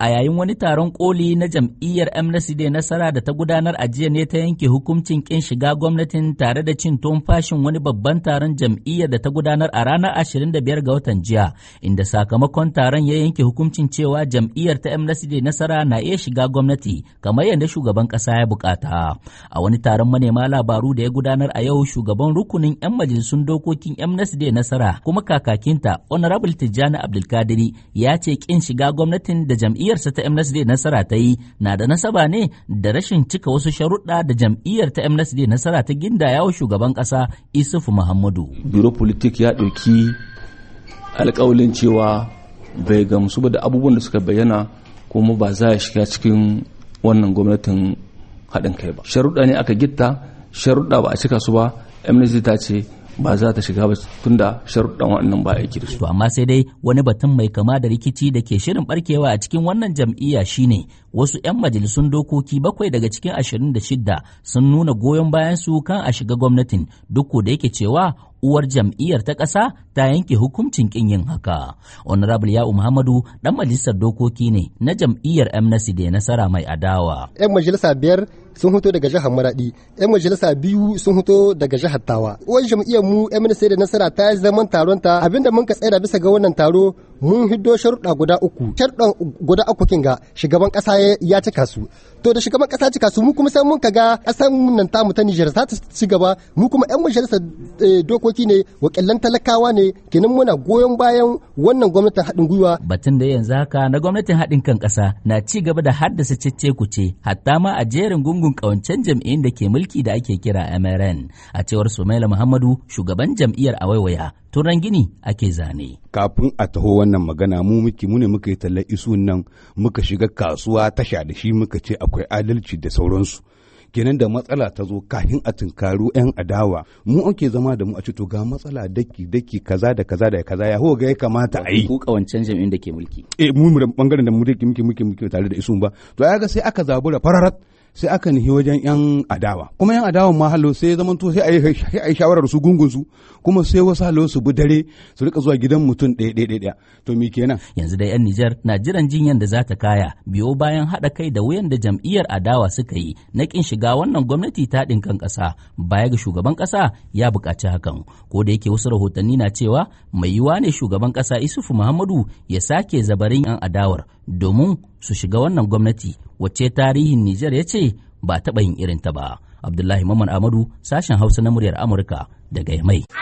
a yayin wani taron koli na jam'iyyar amnesty da nasara da ta gudanar a jiya ne ta yanke hukuncin kin shiga gwamnatin tare da cin fashin wani babban taron jam'iyyar da ta gudanar a ranar 25 ga watan jiya inda sakamakon taron ya yanke hukuncin cewa jam'iyyar ta amnesty da nasara na iya shiga gwamnati kamar yadda shugaban kasa ya bukata a wani taron manema labaru da ya gudanar a yau shugaban rukunin 'yan majalisun dokokin amnesty da nasara kuma kakakinta honorable tijjani abdulkadiri ya ce kin shiga gwamnatin da jam'iyyar jam'iyyarsa ta MNSD nasara ta yi na da nasaba ne da rashin cika wasu sharuɗa da jam'iyyar ta MNSD nasara ta gindayawa shugaban ƙasa Isufu Muhammadu. Biro politik ya ɗauki alƙawalin cewa bai gamsu ba da abubuwan da suka bayyana kuma ba za a shiga cikin wannan gwamnatin haɗin kai ba. Sharuɗa ne aka gitta, sharuɗa ba a cika su ba, MNSD ta ce ba za ta shiga ba tunda sharuɗan wannan ba aiki da su. amma sai dai wani batun mai kama da rikici da ke shirin barkewa a cikin wannan jam'iyya shine wasu 'yan majalisun dokoki bakwai daga cikin ashirin da shidda sun nuna goyon bayan su kan a shiga gwamnatin duk da yake cewa uwar jam'iyyar ta ƙasa ta yanke hukuncin kin yin haka. Honorable Ya'u Muhammadu dan majalisar dokoki ne na jam'iyyar Amnesty da nasara mai adawa. 'Yan majalisa biyar sun hito daga jihar Maradi, 'yan majalisa biyu sun hito daga jihar Tawa. Uwan jam'iyyar mu Amnesty da nasara ta yi zaman taron ta abinda mun ka tsaya bisa ga wannan taro mun hiddo sharuɗa guda uku. Sharuɗan guda uku kin ga shugaban ƙasa ya cika su. To da shugaban ƙasa cika su mu kuma sai mun ka ga ƙasar nan tamu ta Nijar za ta ci gaba mu kuma 'yan majalisa eh, dokoki ne wakilan talakawa ne dai muna goyon bayan wannan gwamnatin haɗin gwiwa. Batun da yanzu haka na gwamnatin haɗin kan ƙasa na ci gaba da haddasa cece kuce hatta ma a jerin gungun ƙawancen jam'iyyun da ke mulki da ake kira MRN a cewar Sumaila Muhammadu shugaban jam'iyyar a waiwaya turan gini ake zane. Kafin a taho wannan magana mu muke mu ne muka yi tallar isu nan muka shiga kasuwa tasha da shi muka ce akwai adalci da sauransu. kenan da matsala ta zo kafin a tunkaru 'yan adawa mu ake zama da mu a to ga matsala daki daki kaza da kaza da kaza ya ho ga ya kamata a yi ku kawancan jami'in da ke mulki eh mu bangaren da mu da muke muke muke tare da isun ba to ya ga sai aka zabura fararat sai aka nihi wajen yan adawa kuma yan adawan ma halo sai zaman to sai a shawarar su gungun su kuma sai wasu halo su bi dare su rika zuwa gidan mutum ɗaya ɗaya ɗaya to me kenan yanzu dai yan Nijar na jiran jinyan da za ta kaya biyo bayan haɗa kai da wuyan da jam'iyyar adawa suka yi na kin shiga wannan gwamnati ta ɗinkan kasa baya ga shugaban kasa ya buƙaci hakan ko da yake wasu rahotanni na cewa mai yiwa ne shugaban ƙasa Isufu Muhammadu ya sake zabarin yan adawar domin su shiga wannan gwamnati wacce tarihin Nijar ya ce ba taɓa yin irinta ba. Abdullahi Maman Amadu sashen Hausa na muryar Amurka daga Yamai.